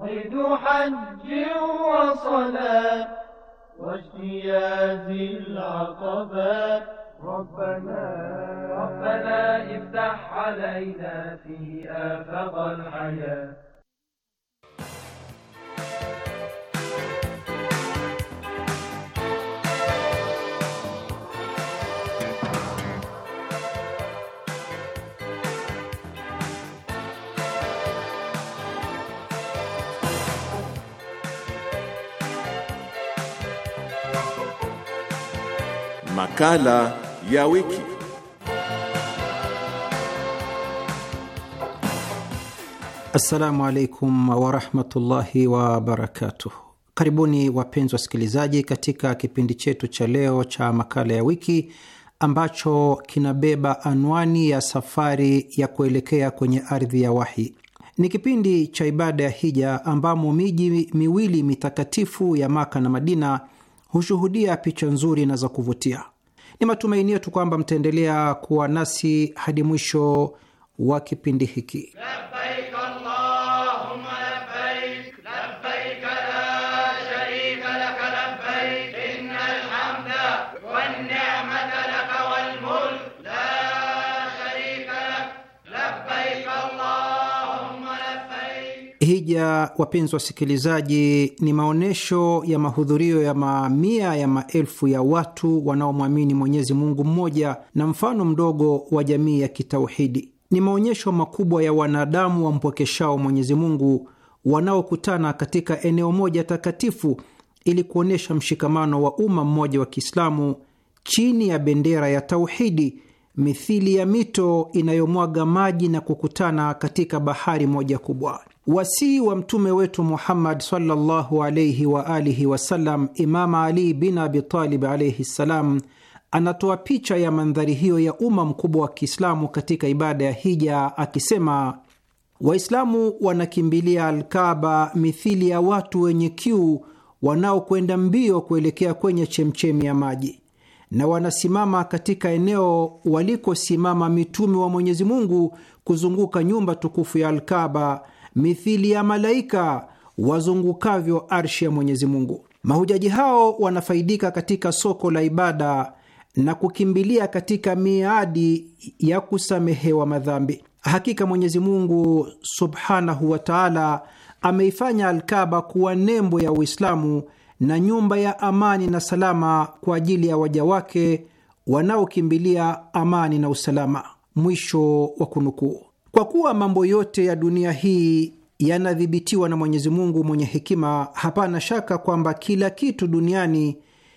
Speaker 3: واجتياز العقبات ربنا ربنا افتح علينا في آفاق الحياة
Speaker 1: Makala ya wiki.
Speaker 5: Assalamu alaikum warahmatullahi wabarakatuh. Karibuni wapenzi wasikilizaji, katika kipindi chetu cha leo cha makala ya wiki ambacho kinabeba anwani ya safari ya kuelekea kwenye ardhi ya wahi. Ni kipindi cha ibada ya hija ambamo miji miwili mitakatifu ya Maka na Madina hushuhudia picha nzuri na za kuvutia. Ni matumaini yetu kwamba mtaendelea kuwa nasi hadi mwisho wa kipindi hiki. Hija, wapenzi wasikilizaji, ni maonyesho ya mahudhurio ya mamia ya maelfu ya watu wanaomwamini Mwenyezi Mungu mmoja na mfano mdogo wa jamii ya kitauhidi. Ni maonyesho makubwa ya wanadamu wampokeshao Mwenyezi Mungu wanaokutana katika eneo moja takatifu ili kuonyesha mshikamano wa umma mmoja wa Kiislamu chini ya bendera ya tauhidi, mithili ya mito inayomwaga maji na kukutana katika bahari moja kubwa. Wasii wa mtume wetu Muhammad sallallahu alaihi wa alihi wasallam, Imam Ali bin Abitalib alaihi ssalam, anatoa picha ya mandhari hiyo ya umma mkubwa wa Kiislamu katika ibada ya hija akisema, Waislamu wanakimbilia Alkaba mithili ya watu wenye kiu wanaokwenda mbio kuelekea kwenye chemchemi ya maji, na wanasimama katika eneo walikosimama mitume wa Mwenyezi Mungu kuzunguka nyumba tukufu ya Alkaba mithili ya malaika wazungukavyo arshi ya Mwenyezi Mungu. Mahujaji hao wanafaidika katika soko la ibada na kukimbilia katika miadi ya kusamehewa madhambi. Hakika Mwenyezi Mungu subhanahu wa taala ameifanya Alkaba kuwa nembo ya Uislamu na nyumba ya amani na salama kwa ajili ya waja wake wanaokimbilia amani na usalama. Mwisho wa kunukuu. Kwa kuwa mambo yote ya dunia hii yanadhibitiwa na Mwenyezi Mungu mwenye hekima, hapana shaka kwamba kila kitu duniani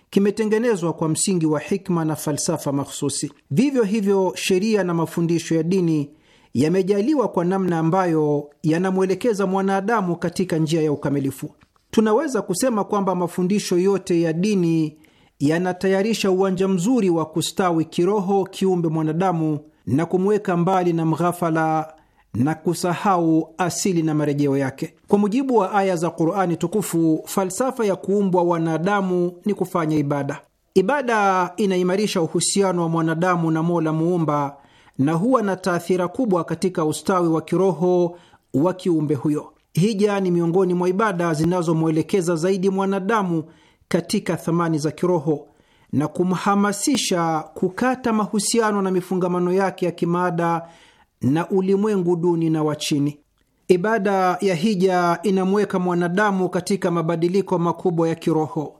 Speaker 5: kimetengenezwa kwa msingi wa hikma na falsafa makhususi. Vivyo hivyo, sheria na mafundisho ya dini yamejaliwa kwa namna ambayo yanamwelekeza mwanadamu katika njia ya ukamilifu. Tunaweza kusema kwamba mafundisho yote ya dini yanatayarisha uwanja mzuri wa kustawi kiroho kiumbe mwanadamu na kumweka mbali na mghafala na kusahau asili na marejeo yake. Kwa mujibu wa aya za Qur'ani tukufu, falsafa ya kuumbwa wanadamu ni kufanya ibada. Ibada inaimarisha uhusiano wa mwanadamu na Mola muumba na huwa na taathira kubwa katika ustawi wa kiroho wa kiumbe huyo. Hija ni miongoni mwa ibada zinazomwelekeza zaidi mwanadamu katika thamani za kiroho na kumhamasisha kukata mahusiano na mifungamano yake ya kimaada na ulimwengu duni na wa chini. Ibada ya hija inamweka mwanadamu katika mabadiliko makubwa ya kiroho,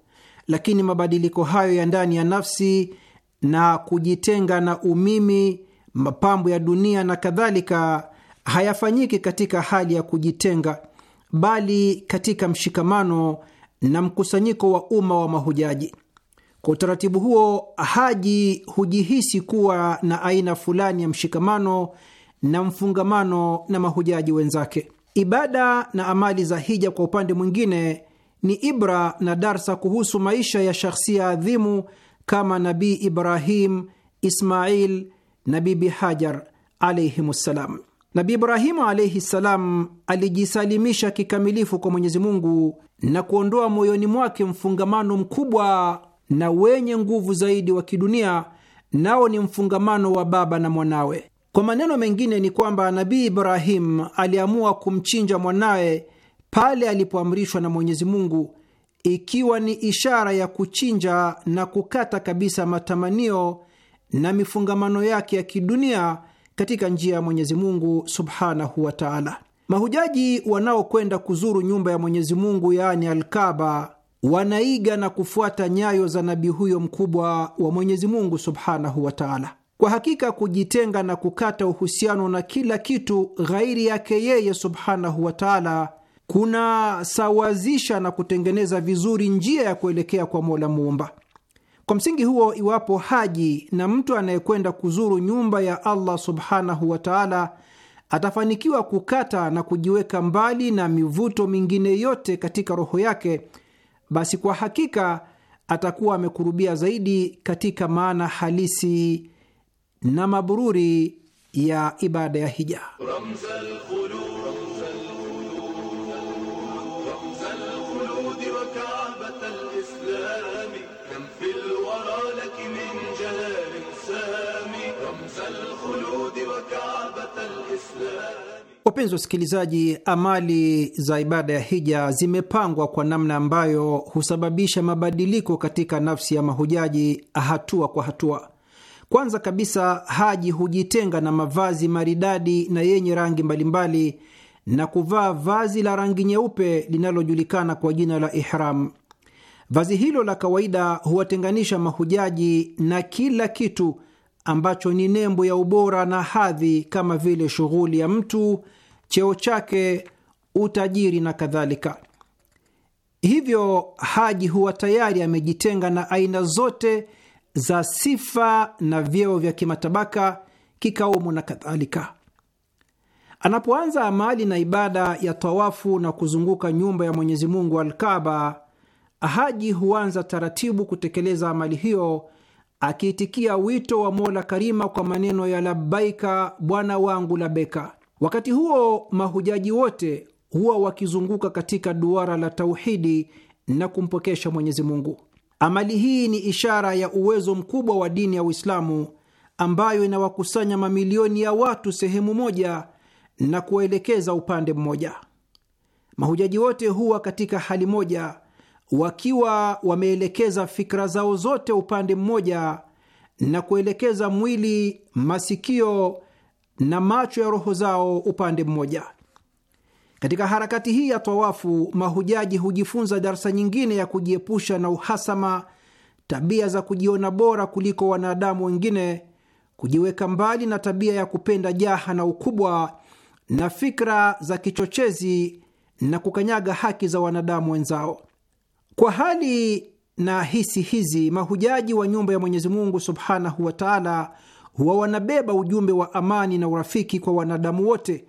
Speaker 5: lakini mabadiliko hayo ya ndani ya nafsi na kujitenga na umimi, mapambo ya dunia na kadhalika, hayafanyiki katika hali ya kujitenga, bali katika mshikamano na mkusanyiko wa umma wa mahujaji. Kwa utaratibu huo, haji hujihisi kuwa na aina fulani ya mshikamano na mfungamano na mahujaji wenzake. Ibada na amali za hija, kwa upande mwingine, ni ibra na darsa kuhusu maisha ya shakhsia adhimu kama Nabii Ibrahim, Ismail na Bibi Hajar alaihimussalam. Nabi Ibrahimu alaihi ssalam alijisalimisha kikamilifu kwa Mwenyezi Mungu na kuondoa moyoni mwake mfungamano mkubwa na wenye nguvu zaidi wa kidunia, nao ni mfungamano wa baba na mwanawe. Kwa maneno mengine ni kwamba Nabii ibrahimu aliamua kumchinja mwanawe pale alipoamrishwa na Mwenyezi Mungu, ikiwa ni ishara ya kuchinja na kukata kabisa matamanio na mifungamano yake ya kidunia katika njia ya Mwenyezi Mungu subhanahu wa taala. Mahujaji wanaokwenda kuzuru nyumba ya Mwenyezi Mungu, yaani Alkaba, wanaiga na kufuata nyayo za nabii huyo mkubwa wa Mwenyezi Mungu subhanahu wa taala. Kwa hakika kujitenga na kukata uhusiano na kila kitu ghairi yake yeye subhanahu wa taala kunasawazisha na kutengeneza vizuri njia ya kuelekea kwa Mola Muumba. Kwa msingi huo, iwapo haji na mtu anayekwenda kuzuru nyumba ya Allah subhanahu wa taala atafanikiwa kukata na kujiweka mbali na mivuto mingine yote katika roho yake basi kwa hakika atakuwa amekurubia zaidi katika maana halisi na mabururi ya ibada ya hija. Wapenzi wasikilizaji, amali za ibada ya hija zimepangwa kwa namna ambayo husababisha mabadiliko katika nafsi ya mahujaji hatua kwa hatua. Kwanza kabisa, haji hujitenga na mavazi maridadi na yenye rangi mbalimbali na kuvaa vazi la rangi nyeupe linalojulikana kwa jina la ihram. Vazi hilo la kawaida huwatenganisha mahujaji na kila kitu ambacho ni nembo ya ubora na hadhi kama vile shughuli ya mtu, cheo chake, utajiri na kadhalika. Hivyo haji huwa tayari amejitenga na aina zote za sifa na vyeo vya kimatabaka, kikaumu na kadhalika. Anapoanza amali na ibada ya tawafu na kuzunguka nyumba ya Mwenyezi Mungu Alkaba, haji huanza taratibu kutekeleza amali hiyo akiitikia wito wa Mola Karima kwa maneno ya labbaika, bwana wangu labeka. Wakati huo mahujaji wote huwa wakizunguka katika duara la tauhidi na kumpokesha Mwenyezi Mungu. Amali hii ni ishara ya uwezo mkubwa wa dini ya Uislamu ambayo inawakusanya mamilioni ya watu sehemu moja na kuwaelekeza upande mmoja. Mahujaji wote huwa katika hali moja wakiwa wameelekeza fikra zao zote upande mmoja na kuelekeza mwili, masikio na macho ya roho zao upande mmoja. Katika harakati hii ya tawafu, mahujaji hujifunza darsa nyingine ya kujiepusha na uhasama, tabia za kujiona bora kuliko wanadamu wengine, kujiweka mbali na tabia ya kupenda jaha na ukubwa na fikra za kichochezi na kukanyaga haki za wanadamu wenzao. Kwa hali na hisi hizi mahujaji wa nyumba ya Mwenyezi Mungu subhanahu wa taala huwa wanabeba ujumbe wa amani na urafiki kwa wanadamu wote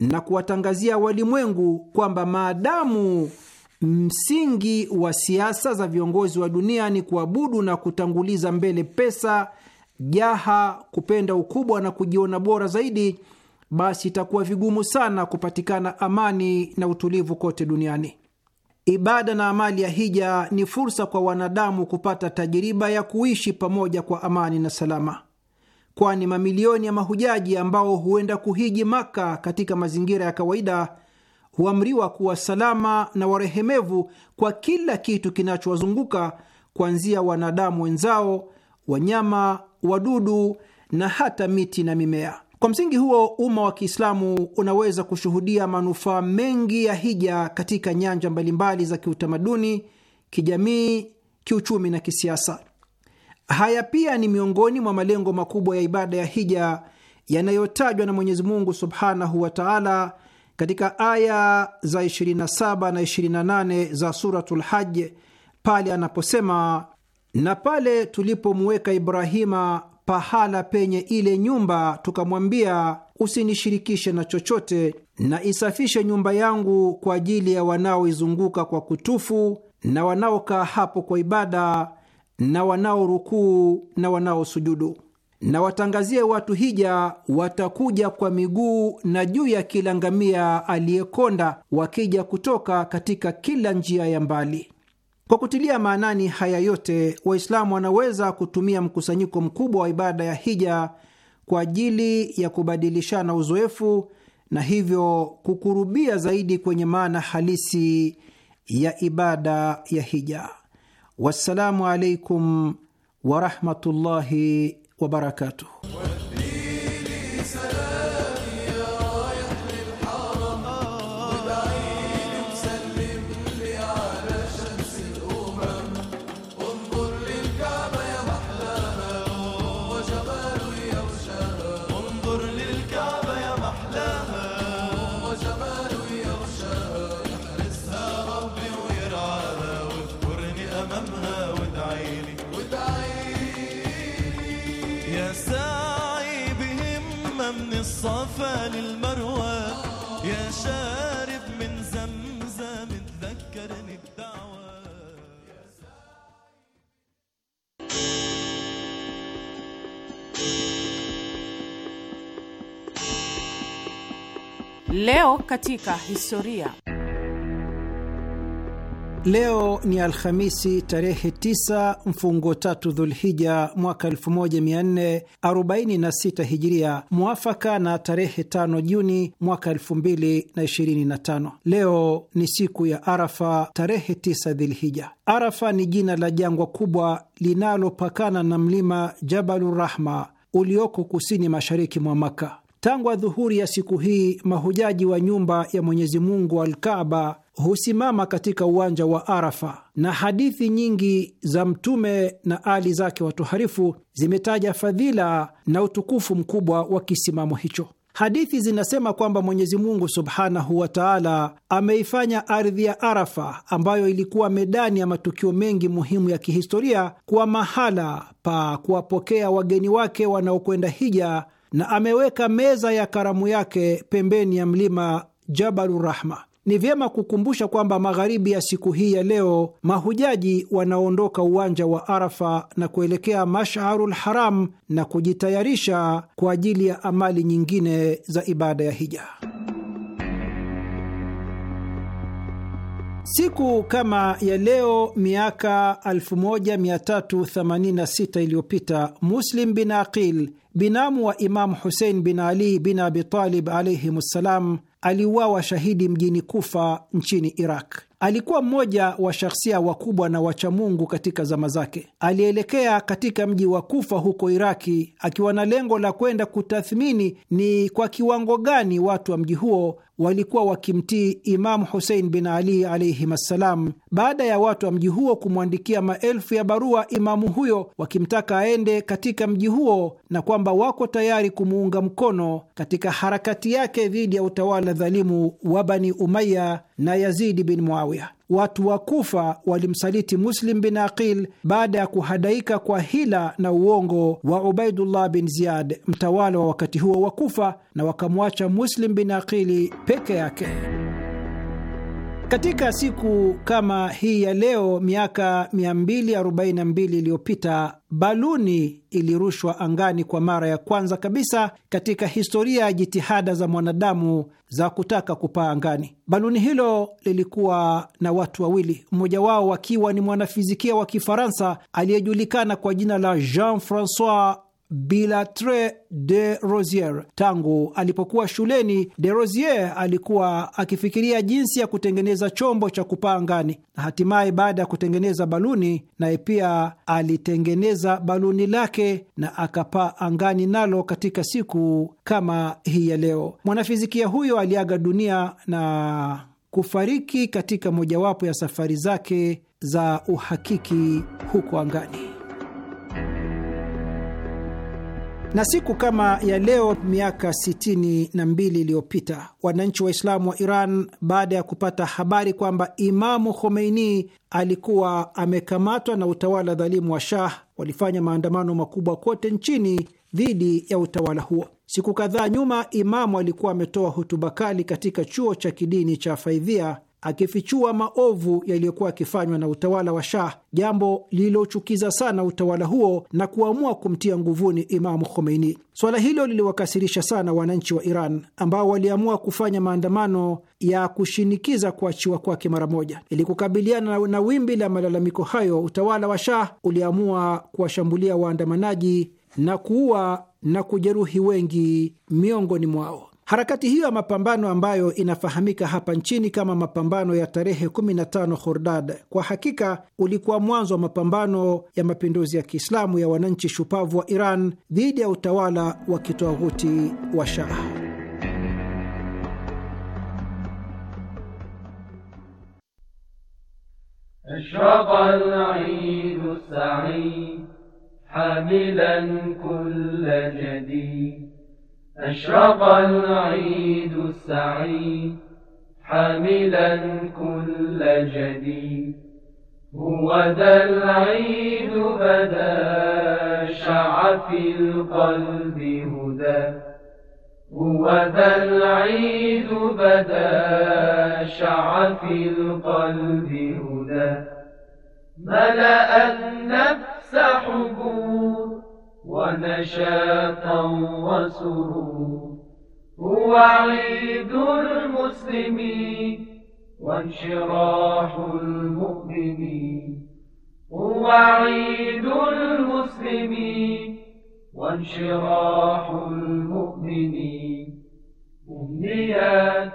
Speaker 5: na kuwatangazia walimwengu kwamba maadamu msingi wa siasa za viongozi wa dunia ni kuabudu na kutanguliza mbele pesa, jaha, kupenda ukubwa na kujiona bora zaidi, basi itakuwa vigumu sana kupatikana amani na utulivu kote duniani. Ibada na amali ya hija ni fursa kwa wanadamu kupata tajiriba ya kuishi pamoja kwa amani na salama, kwani mamilioni ya mahujaji ambao huenda kuhiji Maka katika mazingira ya kawaida huamriwa kuwa salama na warehemevu kwa kila kitu kinachowazunguka kuanzia wanadamu wenzao, wanyama, wadudu na hata miti na mimea. Kwa msingi huo, umma wa Kiislamu unaweza kushuhudia manufaa mengi ya hija katika nyanja mbalimbali za kiutamaduni, kijamii, kiuchumi na kisiasa. Haya pia ni miongoni mwa malengo makubwa ya ibada ya hija yanayotajwa na Mwenyezi Mungu subhanahu wa taala katika aya za 27 na 28 za Suratul Haj pale anaposema: na pale tulipomuweka Ibrahima pahala penye ile nyumba, tukamwambia usinishirikishe na chochote, na isafishe nyumba yangu kwa ajili ya wanaoizunguka kwa kutufu na wanaokaa hapo kwa ibada na wanaorukuu na wanaosujudu, na watangazie watu hija, watakuja kwa miguu na juu ya kila ngamia aliyekonda, wakija kutoka katika kila njia ya mbali kwa kutilia maanani haya yote, Waislamu wanaweza kutumia mkusanyiko mkubwa wa ibada ya hija kwa ajili ya kubadilishana uzoefu na hivyo kukurubia zaidi kwenye maana halisi ya ibada ya hija. Wassalamu alaikum warahmatullahi wabarakatuh.
Speaker 6: Leo katika historia.
Speaker 5: Leo ni Alhamisi tarehe 9 mfungo tatu Dhulhija mwaka 1446 Hijiria, mwafaka na tarehe 5 Juni mwaka 2025. Leo ni siku ya Arafa, tarehe 9 Dhulhija. Arafa ni jina la jangwa kubwa linalopakana na mlima jabalurrahma ulioko kusini mashariki mwa Maka. Tangu adhuhuri ya siku hii mahujaji wa nyumba ya Mwenyezi Mungu husimama katika uwanja wa Arafa, na hadithi nyingi za Mtume na ali zake watoharifu zimetaja fadhila na utukufu mkubwa wa kisimamo hicho. Hadithi zinasema kwamba Mwenyezi Mungu subhanahu wa taala ameifanya ardhi ya Arafa, ambayo ilikuwa medani ya matukio mengi muhimu ya kihistoria, kuwa mahala pa kuwapokea wageni wake wanaokwenda hija na ameweka meza ya karamu yake pembeni ya mlima jabalurahma Ni vyema kukumbusha kwamba magharibi ya siku hii ya leo mahujaji wanaondoka uwanja wa Arafa na kuelekea Masharul Haram na kujitayarisha kwa ajili ya amali nyingine za ibada ya hija. Siku kama ya leo miaka 1386 iliyopita Muslim bin Aqil binamu wa Imamu Husein bin Ali bin abitalib Talib alaihim ssalam aliuawa shahidi mjini Kufa nchini Iraq. Alikuwa mmoja wa shahsia wakubwa na wachamungu katika zama zake. Alielekea katika mji wa Kufa huko Iraki akiwa na lengo la kwenda kutathmini ni kwa kiwango gani watu wa mji huo walikuwa wakimtii Imamu Husein bin Ali alaihim assalam, baada ya watu wa mji huo kumwandikia maelfu ya barua imamu huyo wakimtaka aende katika mji huo na kwamba wako tayari kumuunga mkono katika harakati yake dhidi ya utawala dhalimu wa Bani Umaya na Yazidi bin Muawiya. Muawiya. Watu wa Kufa walimsaliti Muslim bin Aqil baada ya kuhadaika kwa hila na uongo wa Ubaidullah bin Ziyad, mtawala wa wakati huo wa Kufa, na wakamwacha Muslim bin Aqili peke yake. Katika siku kama hii ya leo miaka 242 iliyopita baluni ilirushwa angani kwa mara ya kwanza kabisa katika historia ya jitihada za mwanadamu za kutaka kupaa angani. Baluni hilo lilikuwa na watu wawili, mmoja wao akiwa ni mwanafizikia wa Kifaransa aliyejulikana kwa jina la Jean Francois Bertrand de Rosier. Tangu alipokuwa shuleni, de Rosier alikuwa akifikiria jinsi ya kutengeneza chombo cha kupaa angani, na hatimaye baada ya kutengeneza baluni, naye pia alitengeneza baluni lake na akapaa angani nalo katika siku kama hii ya leo. Mwanafizikia huyo aliaga dunia na kufariki katika mojawapo ya safari zake za uhakiki huko angani. Na siku kama ya leo miaka mbili iliyopita wananchi Waislamu wa Iran, baada ya kupata habari kwamba Imamu Khomeini alikuwa amekamatwa na utawala dhalimu wa Shah, walifanya maandamano makubwa kote nchini dhidi ya utawala huo. Siku kadhaa nyuma, Imamu alikuwa ametoa hotuba kali katika chuo cha kidini cha Faidhia akifichua maovu yaliyokuwa yakifanywa na utawala wa Shah, jambo lililochukiza sana utawala huo na kuamua kumtia nguvuni Imamu Khomeini. Swala hilo liliwakasirisha sana wananchi wa Iran ambao waliamua kufanya maandamano ya kushinikiza kuachiwa kwake mara moja. Ili kukabiliana na wimbi la malalamiko hayo, utawala wa Shah uliamua kuwashambulia waandamanaji na kuua na kujeruhi wengi miongoni mwao. Harakati hiyo ya mapambano ambayo inafahamika hapa nchini kama mapambano ya tarehe 15 Khordad kwa hakika ulikuwa mwanzo wa mapambano ya mapinduzi ya Kiislamu ya wananchi shupavu wa Iran dhidi ya utawala wa kitoahuti wa Shah.
Speaker 3: أشرق العيد السعيد حاملا كل جديد هو ذا العيد بدا شع في القلب هدى هو ذا العيد بدا شع في القلب هدى ملأ النفس
Speaker 7: حبوب
Speaker 3: ونشاطا وسرور هو عيد المسلمين وانشراح المؤمنين هو عيد المسلمين وانشراح المؤمنين أمنيات